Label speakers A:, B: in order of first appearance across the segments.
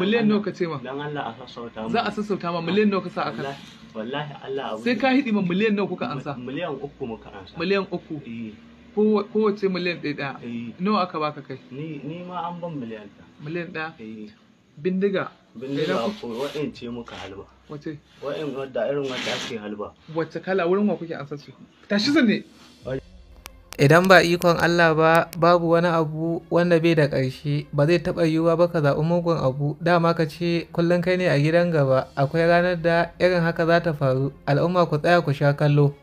A: miliyan nawa ka ce ma dan Allah a sassauta za a sassauta ma miliyan nawa ka sa aka wallahi Allah abu sai ka hidi ma miliyan nawa kuka ansa miliyan uku muka ansa miliyan uku eh. miliyan ɗaya ɗaya eh. nawa aka baka kai ni ma an ban miliyan ɗaya miliyan ɗaya eh. bindiga bindiga wa'in ce muka halba wace wa'in wadda irin wadda ake halba kala wurin wa kuke ansa su
B: tashi zane Idan ba ikon Allah ba, babu wani abu wanda bai da ƙarshe, ba zai taɓa yiwuwa ba ka zaɓi mugun abu, dama ka ce kullum kai ne a gidan gaba, akwai ranar da irin haka za ta faru, al'umma ku tsaya ku sha kallo.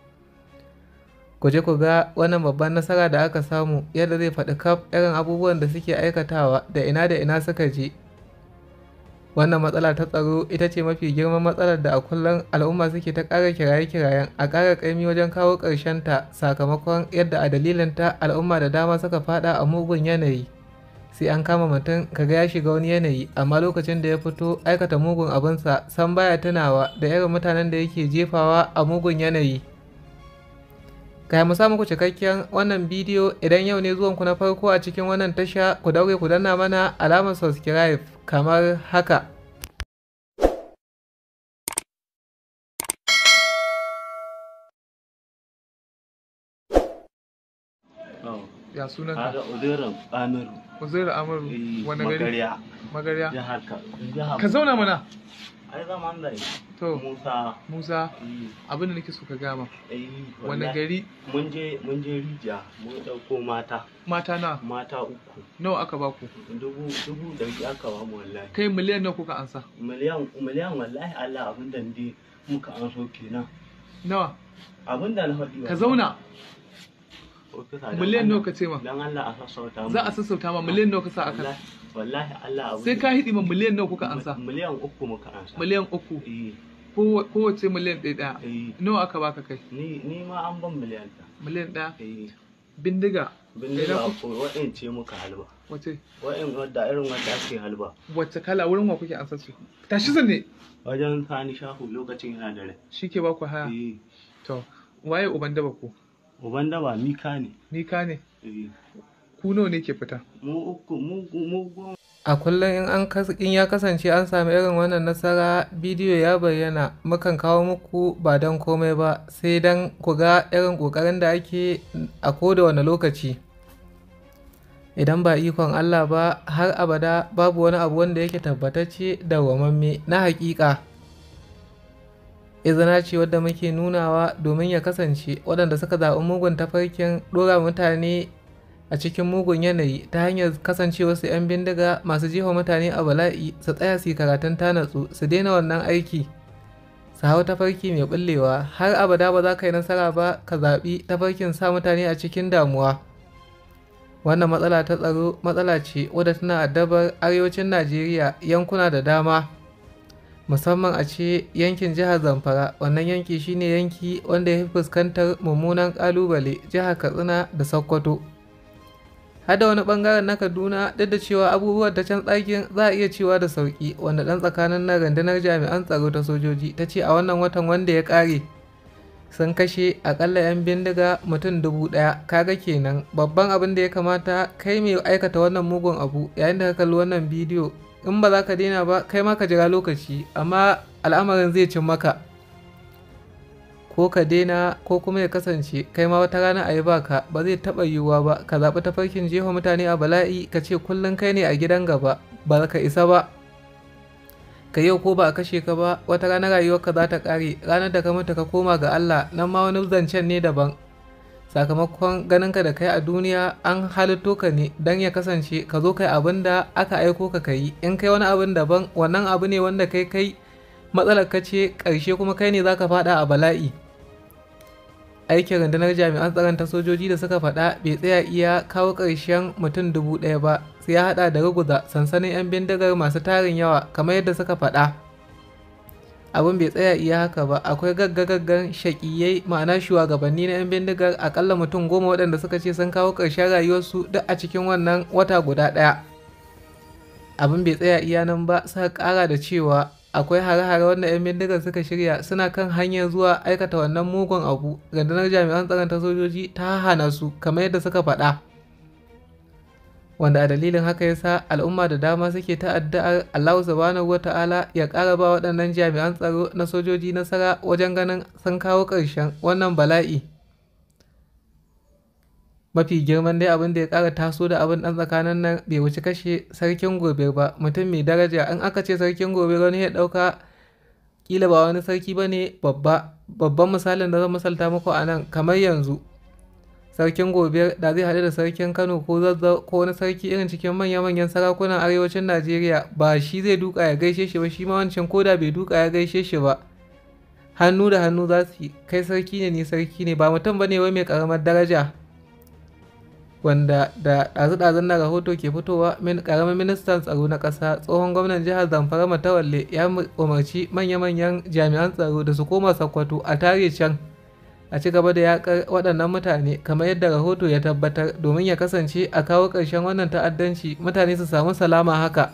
B: Ku je ku ga wannan babban nasara da aka samu, yadda zai faɗi kaf irin abubuwan da suke aikatawa da ina da ina suka je. wannan matsala ta tsaro ita ce mafi girman matsalar da a kullum al'umma suke ta ƙara kiraye-kirayen a ƙara ƙaimi wajen kawo ta sakamakon yadda a dalilin ta al'umma da dama suka faɗa a mugun yanayi sai an kama mutum ka ga ya shiga wani yanayi amma lokacin da ya fito aikata mugun abinsa san baya tunawa da irin mutanen da yake jefawa a mugun yanayi Ga mu samu ku cikakken wannan bidiyo idan yau ne zuwanku na farko a cikin wannan tasha ku dauke ku danna mana alamar subscribe kamar haka.
A: Oh. Ya suna ka? Odera Amaru. Odera Amaru eh, Wani gari? Magarya. Magarya. Jihar Ka Ka zauna mana. Ai zama Allah to musa musa mm. abin da nake so ka gama eh, wani gari mun je mun je rija mun dauko mata mata na mata uku nawa aka ba ku dubu dubu da aka ba mu wallahi kai miliyan nawa kuka ansa miliyan miliyan wallahi Allah abin da ndi muka anso kenan nawa abin da na faɗi ka zauna miliyan nawa ka ce ma dan Allah a sassauta za a sassauta ma miliyan nawa ka sa aka wallahi Allah abu sai ka hidi ma miliyan nawa kuka ansa miliyan uku muka ansa miliyan uku eh. kowace miliyan ɗaya ɗaya eh. nawa aka baka kai ni ma an ban miliyan ɗaya miliyan ɗaya eh. bindiga bindiga wa'in ce muka halba wace wa'in wadda irin wadda ake halba wace kala wurin wa kuke ansa su tashi zane wajen sani shahu lokacin yana dare shi ke baku haya to waye uban daba ku uban daba mika ne mika ne
B: ku ne ke fita a kullum in ya kasance an sami irin wannan nasara bidiyo ya bayyana mukan kawo muku ba don komai ba sai don ku ga irin kokarin da ake a koda wani lokaci idan ba ikon allah ba har abada babu wani abu wanda yake tabbatacce da wamamme na haƙiƙa izina ce wadda muke nunawa domin ya kasance waɗanda suka zaɓi mugun tafarkin ɗora mutane a cikin mugun yanayi ta hanyar su 'yan bindiga masu jefa mutane a bala'i su tsaya su karatun tanatsu su daina wannan aiki su hau tafarki mai bullewa har abada ba za ka yi nasara ba ka zaɓi tafarkin sa mutane a cikin damuwa wannan matsala ta tsaro matsala ce wadda tana addabar arewacin najeriya yankuna da dama musamman a ce yankin jihar zamfara wannan yanki shine yanki wanda ya fi fuskantar mummunan ƙalubale jihar katsina da sokoto har da wani bangaren na kaduna duk da cewa abubuwan ta can tsakin za a iya cewa da sauki wanda dan tsakanin na rundunar jami'an tsaro ta sojoji ta ce a wannan watan wanda ya kare sun kashe akalla 'yan bindiga mutum dubu daya kaga kenan babban abin da ya kamata kai mai aikata wannan mugun abu yayin da ka kalli wannan bidiyo in ba za ka daina ba kai ma ka jira lokaci amma al'amarin zai cin maka ko ka daina ko kuma ya kasance kai ma wata rana a yi baka ba zai taɓa yiwuwa ba ka zaɓi tafarkin jefa mutane a bala'i ka ce kullum kai ne a gidan gaba ba ka isa ba ka yau ko ba a kashe ka ba wata rana rayuwarka za ta ƙare ranar da ka mutu ka koma ga Allah nan ma wani zancen ne daban sakamakon ganinka da kai a duniya an halitto ka ne don ya kasance ka zo kai abin da aka aiko ka kai in kai wani abin daban wannan abu ne wanda kai kai matsalar ka ce ƙarshe kuma kai ne za ka faɗa a bala'i aikin rundunar jami'an tsaron ta sojoji da suka faɗa bai tsaya iya kawo ƙarshen mutum dubu ɗaya ba sai ya haɗa da ruguza sansanin 'yan bindigar masu tarin yawa kamar yadda suka faɗa abin bai tsaya iya haka ba akwai gaggagaggan shaƙiyai ma'ana shugabanni na 'yan bindigar akalla mutum goma waɗanda suka ce sun kawo ƙarshen rayuwarsu duk a cikin wannan wata guda ɗaya abin bai tsaya iya nan ba suka ƙara da cewa akwai hare-hare wanda 'yan bindigar suka shirya suna kan hanyar zuwa aikata wannan mugun abu gandunar jami'an tsaron ta sojoji ta hana su kamar yadda suka faɗa wanda a dalilin haka yasa al'umma da dama suke ta'adda'ar allahu subhanahu wa ta'ala ya ƙara ba waɗannan jami'an tsaro na sojoji nasara wajen ganin sun kawo ƙarshen wannan bala'i mafi girman dai abin da ya kara taso da abin dan tsakanin nan bai wuce kashe sarkin gobe ba mutum mai daraja in aka ce sarkin gobe wani ya dauka kila ba wani sarki ba ne babban misalin da zan misalta muku a nan kamar yanzu sarkin gobe da zai haɗu da sarkin kano ko zazzau ko wani sarki irin cikin manya-manyan sarakunan arewacin najeriya ba shi zai duka ya gaishe shi ba shi ma wancan koda bai duka ya gaishe shi ba hannu da hannu za su kai sarki ne ni sarki ne ba mutum ba ne wai mai ƙaramar daraja wanda da ɗazu-ɗazun na rahoto ke fitowa min ƙaramin ministan tsaro na ƙasa tsohon gwamnan jihar zamfara matawalle ya umarci manya-manyan jami'an tsaro da su koma sakwato a tare can a ci gaba da yaƙar waɗannan mutane kamar yadda rahoto ya tabbatar domin ya kasance a kawo ƙarshen wannan ta'addanci mutane su samu salama haka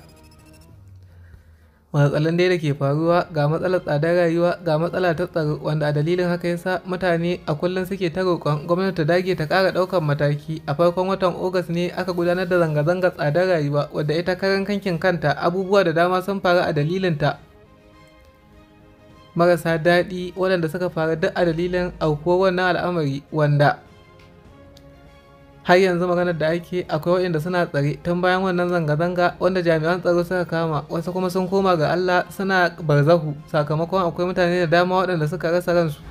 B: matsalan dai da ke faruwa ga matsalar tsadar rayuwa ga matsala ta tsaro wanda a dalilin haka yasa mutane a kullum suke ta roƙon gwamnati ta dage ta ƙara ɗaukar mataki a farkon watan ogas ne aka gudanar da zanga zangar tsadar rayuwa wadda ita karan kankin kanta abubuwa da dama sun faru a dalilin ta marasa daɗi waɗanda suka faru duk a dalilin aukuwar wannan al'amari wanda har yanzu maganar da ake akwai waɗanda suna tsare tun bayan wannan zanga-zanga wanda jami'an tsaro suka kama wasu kuma sun koma ga Allah suna barzahu sakamakon akwai mutane da dama waɗanda suka rasa ransu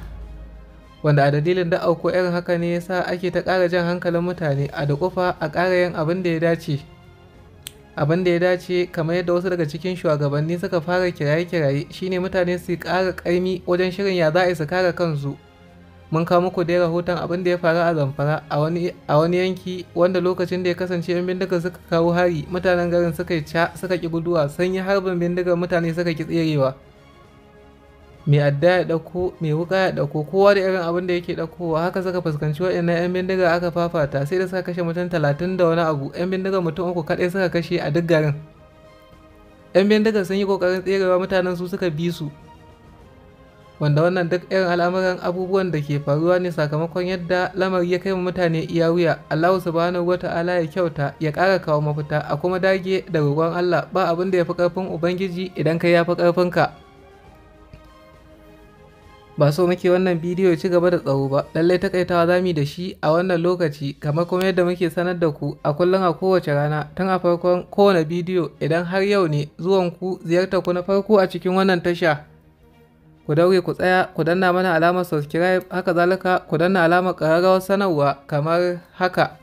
B: wanda a dalilin da auko irin haka ne yasa ake ta ƙara jan hankalin mutane a da kufa a ƙara yin abin da ya dace abin da ya dace kamar yadda wasu daga cikin shugabanni suka fara kiraye-kiraye shine mutane su ƙara ƙaimi wajen shirin ya za a su kare kansu mun kawo muku dai rahoton abin da ya faru a zamfara a wani yanki wanda lokacin da ya kasance yan bindiga suka kawo hari mutanen garin suka yi ca suka ki guduwa sun harbin bindigar mutane suka ki tserewa mai adda ya ɗauko mai wuka ya dauko kowa da irin abin da yake ɗaukowa haka suka fuskanci waɗannan yan bindiga aka fafata sai da suka kashe mutum talatin da wani abu yan bindigar mutum uku kaɗai suka kashe a duk garin yan bindigar sun yi ƙoƙarin tserewa mutanen su suka bi su wanda wannan duk irin al'amuran abubuwan da ke faruwa ne sakamakon yadda lamari ya kai wa mutane iya wuya Allah subhanahu ta'ala ya kyauta ya ƙara kawo mafita a kuma dage da roƙon Allah ba abin da ya fi ƙarfin ubangiji idan kai ya fi ƙarfinka ba so muke wannan bidiyo ci gaba da tsaro ba lallai takaitawa za mu da shi a wannan lokaci kamar kuma yadda muke sanar da ku a kullum a kowace rana tun a farkon kowane bidiyo idan har yau ne zuwan ku ziyartar ku na farko a cikin wannan tasha ku daure ku tsaya ku danna mana alamar subscribe haka zalika ku danna alamar ƙararrawar sanarwa kamar haka